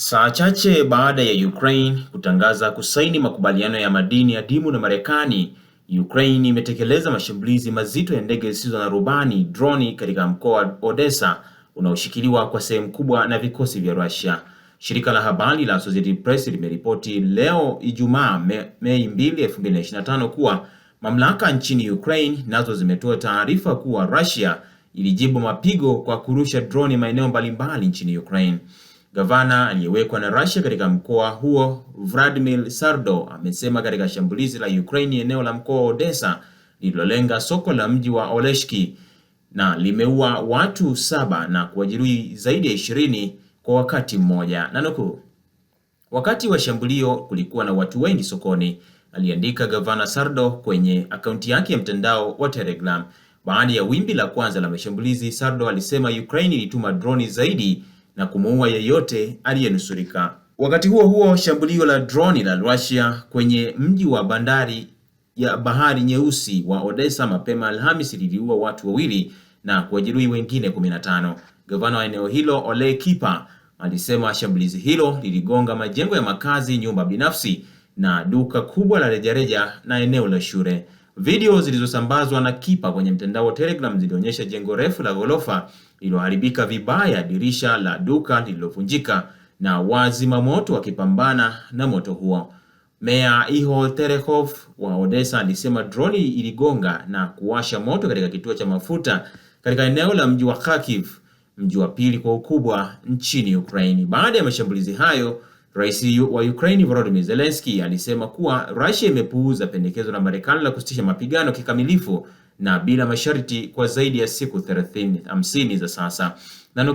Saa chache baada ya Ukraine kutangaza kusaini makubaliano ya madini adimu na Marekani, Ukraine imetekeleza mashambulizi mazito ya ndege zisizo na rubani droni katika mkoa wa Odessa unaoshikiliwa kwa sehemu kubwa na vikosi vya Russia. Shirika la habari la Associated Press limeripoti leo Ijumaa, Mei 2, 2025 kuwa mamlaka nchini Ukraine nazo zimetoa taarifa kuwa Russia ilijibu mapigo kwa kurusha droni maeneo mbalimbali nchini Ukraine. Gavana aliyewekwa na Russia katika mkoa huo, Vladimir sardo amesema katika shambulizi la Ukraine eneo la mkoa wa Odessa lililolenga soko la mji wa Oleshki na limeua watu saba na kuwajeruhi zaidi ya ishirini kwa wakati mmoja, na nukuu, wakati wa shambulio kulikuwa na watu wengi sokoni, aliandika Gavana sardo kwenye akaunti yake ya mtandao wa Telegram. Baada ya wimbi la kwanza la mashambulizi, sardo alisema Ukraine ilituma droni zaidi na kumuua yeyote aliyenusurika. Wakati huo huo, shambulio la droni la Russia kwenye mji wa bandari ya Bahari Nyeusi wa Odessa mapema Alhamisi liliua watu wawili na kuwajeruhi wengine 15. Gavana wa eneo hilo, Ole Kipa, alisema shambulizi hilo liligonga majengo ya makazi, nyumba binafsi na duka kubwa la rejareja na eneo la shule. Video zilizosambazwa na Kipa kwenye mtandao wa Telegram zilionyesha jengo refu la ghorofa lililoharibika vibaya dirisha la duka lililovunjika na wazimamoto wakipambana na moto huo. Meya Ihor Terekhov wa Odessa alisema droni iligonga na kuwasha moto katika kituo cha mafuta katika eneo la mji wa Kharkiv, mji wa pili kwa ukubwa nchini Ukraini. Baada ya mashambulizi hayo, Rais wa Ukraini Volodymyr Zelensky alisema kuwa Russia imepuuza pendekezo la Marekani la kusitisha mapigano kikamilifu na bila masharti kwa zaidi ya siku 30 hamsini za sasa, na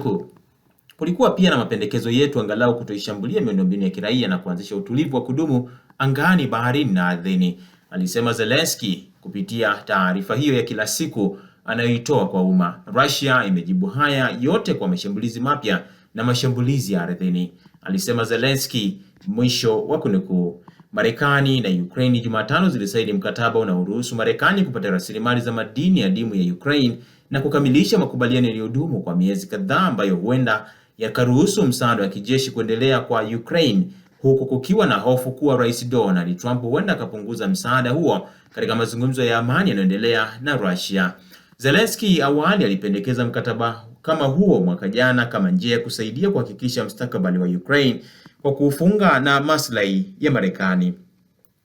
Kulikuwa pia na mapendekezo yetu angalau kutoishambulia miundombinu ya kiraia na kuanzisha utulivu wa kudumu angani, baharini na ardhini, alisema Zelensky kupitia taarifa hiyo ya kila siku anayoitoa kwa umma. Russia imejibu haya yote kwa mashambulizi mapya na mashambulizi ya ardhini, alisema Zelensky, mwisho wa kunukuu. Marekani na Ukraine Jumatano zilisaini mkataba unaoruhusu Marekani kupata rasilimali za madini adimu ya Ukraine na kukamilisha makubaliano yaliyodumu kwa miezi kadhaa ambayo huenda yakaruhusu msaada wa kijeshi kuendelea kwa Ukraine huku kukiwa na hofu kuwa Rais Donald Trump huenda akapunguza msaada huo katika mazungumzo ya amani yanayoendelea na Russia. Zelensky awali alipendekeza mkataba kama huo mwaka jana kama njia ya kusaidia kuhakikisha mustakabali wa Ukraine kwa kuufunga na maslahi ya Marekani.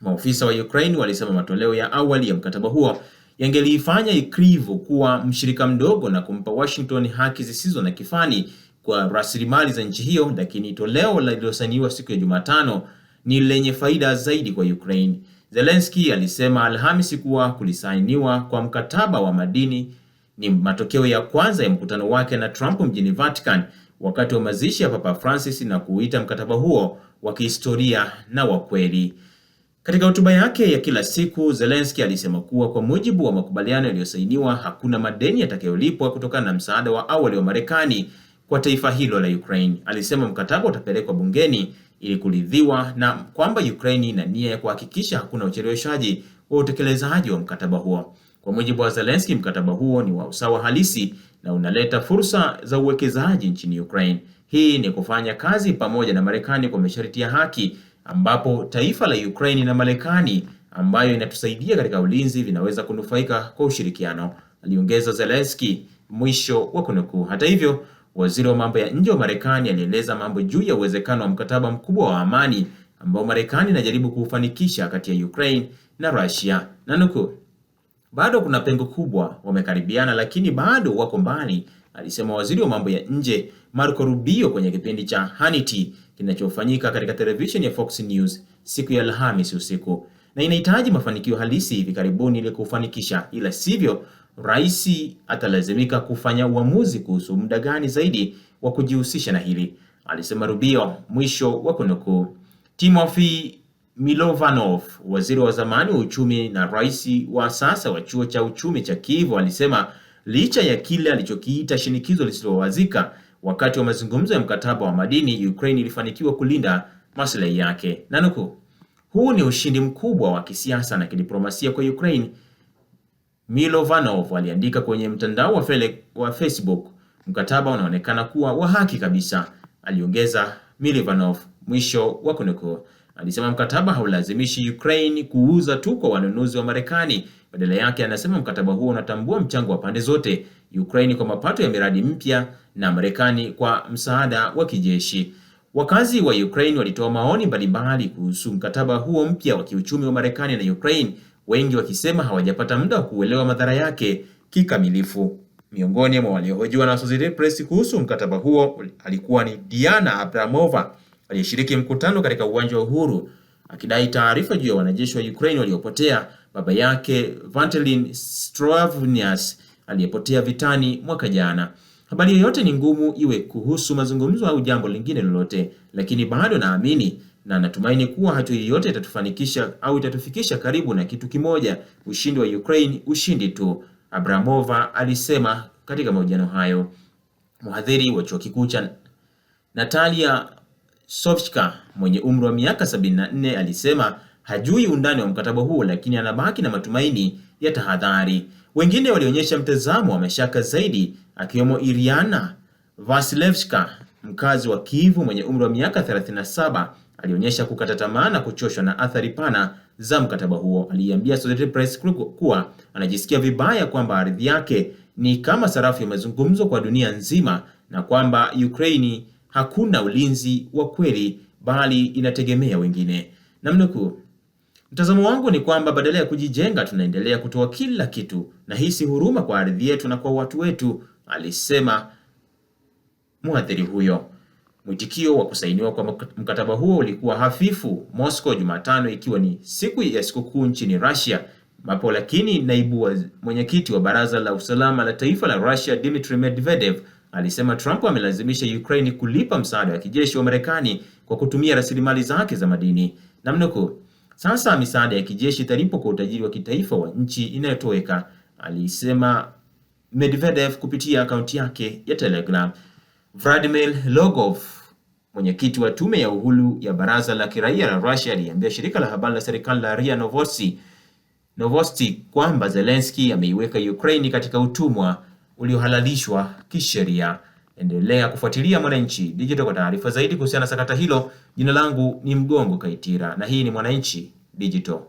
Maofisa wa Ukraine walisema matoleo ya awali ya mkataba huo yangeliifanya Kyiv kuwa mshirika mdogo na kumpa Washington haki zisizo na kifani kwa rasilimali za nchi hiyo, lakini toleo lililosainiwa siku ya Jumatano ni lenye faida zaidi kwa Ukraine. Zelensky alisema Alhamisi kuwa kulisainiwa kwa mkataba wa madini ni matokeo ya kwanza ya mkutano wake na Trump mjini Vatican wakati wa mazishi ya Papa Francis na kuita mkataba huo wa kihistoria na wa kweli. Katika hotuba yake ya kila siku, Zelensky alisema kuwa kwa mujibu wa makubaliano yaliyosainiwa, hakuna madeni yatakayolipwa kutokana na msaada wa awali wa Marekani kwa taifa hilo la Ukraine. Alisema mkataba utapelekwa bungeni ili kuridhiwa na kwamba Ukraine ina nia ya kuhakikisha hakuna ucheleweshaji wa utekelezaji wa mkataba huo. Kwa mujibu wa Zelensky, mkataba huo ni wa usawa halisi na unaleta fursa za uwekezaji nchini Ukraine. Hii ni kufanya kazi pamoja na Marekani kwa masharti ya haki, ambapo taifa la Ukraine na Marekani ambayo inatusaidia katika ulinzi vinaweza kunufaika kwa ushirikiano, aliongeza Zelensky, mwisho wa kunukuu. Hata hivyo, waziri wa mambo ya nje wa Marekani alieleza mambo juu ya uwezekano wa mkataba mkubwa wa amani ambao Marekani inajaribu kuufanikisha kati ya Ukraine na Russia. Nanukuu, bado kuna pengo kubwa, wamekaribiana lakini bado wako mbali, alisema waziri wa mambo ya nje Marco Rubio kwenye kipindi cha Hannity kinachofanyika katika televisheni ya Fox News siku ya Alhamisi usiku. Na inahitaji mafanikio halisi hivi karibuni ili kufanikisha, ila sivyo, rais atalazimika kufanya uamuzi kuhusu muda gani zaidi wa kujihusisha na hili, alisema Rubio, mwisho wa kunukuu. Timothy Milovanov, waziri wa zamani wa uchumi na rais wa sasa wa chuo cha uchumi cha Kiev, alisema licha ya kile alichokiita shinikizo lisilowazika wakati wa mazungumzo ya mkataba wa madini, Ukraine ilifanikiwa kulinda maslahi yake. Nanuku, huu ni ushindi mkubwa wa kisiasa na kidiplomasia kwa Ukraine, Milovanov aliandika kwenye mtandao wa, wa Facebook. Mkataba unaonekana kuwa wa haki kabisa, aliongeza Milovanov. Mwisho wa kunukuu. Alisema mkataba haulazimishi Ukraine kuuza tu kwa wanunuzi wa Marekani. Badala yake, anasema mkataba huo unatambua mchango wa pande zote, Ukraine kwa mapato ya miradi mpya na Marekani kwa msaada wa kijeshi. Wakazi wa Ukraine walitoa maoni mbalimbali kuhusu mkataba huo mpya wa kiuchumi wa Marekani na Ukraine, wengi wakisema hawajapata muda wa kuelewa madhara yake kikamilifu. Miongoni mwa waliohojiwa na Associated Press kuhusu mkataba huo alikuwa ni Diana Abramova aliyeshiriki mkutano katika uwanja wa Uhuru akidai taarifa juu ya wanajeshi wa Ukraine waliopotea, baba yake Vantelin Stravnias aliyepotea vitani mwaka jana. Habari yoyote ni ngumu, iwe kuhusu mazungumzo au jambo lingine lolote, lakini bado naamini na natumaini kuwa hatua yoyote itatufanikisha au itatufikisha karibu na kitu kimoja, ushindi wa Ukraine, ushindi tu, Abramova alisema katika mahojiano hayo. Mhadhiri wa chuo kikuu cha Natalia Sofchka mwenye umri wa miaka 74 alisema hajui undani wa mkataba huo lakini anabaki na matumaini ya tahadhari. Wengine walionyesha mtazamo wa mashaka zaidi akiwemo Iriana Vasilevska, mkazi wa Kivu mwenye umri wa miaka 37, alionyesha kukata tamaa na kuchoshwa na athari pana za mkataba huo. Aliambia Associated Press kuwa anajisikia vibaya kwamba ardhi yake ni kama sarafu ya mazungumzo kwa dunia nzima na kwamba Ukraini hakuna ulinzi wa kweli, bali inategemea wengine. Namnukuu, mtazamo wangu ni kwamba badala ya kujijenga, tunaendelea kutoa kila kitu. na Nahisi huruma kwa ardhi yetu na kwa watu wetu, alisema mwathiri huyo. Mwitikio wa kusainiwa kwa mkataba huo ulikuwa hafifu Moscow Jumatano, ikiwa ni siku ya sikukuu nchini Russia mapo lakini naibu mwenyekiti wa Baraza la Usalama la Taifa la Russia Dmitry Medvedev alisema Trump amelazimisha Ukraine kulipa msaada wa kijeshi wa Marekani kwa kutumia rasilimali zake za madini. Namnukuu, sasa misaada ya kijeshi italipwa kwa utajiri wa kitaifa wa nchi inayotoweka, alisema Medvedev kupitia akaunti yake ya Telegram. Vladimir Logov, mwenyekiti wa tume ya uhuru ya baraza la kiraia la Russia, aliambia shirika la habari la serikali la RIA Novosti Novosti kwamba Zelensky ameiweka Ukraine katika utumwa uliohalalishwa kisheria. Endelea kufuatilia Mwananchi Digital kwa taarifa zaidi kuhusiana na sakata hilo. Jina langu ni Mgongo Kaitira na hii ni Mwananchi Digital.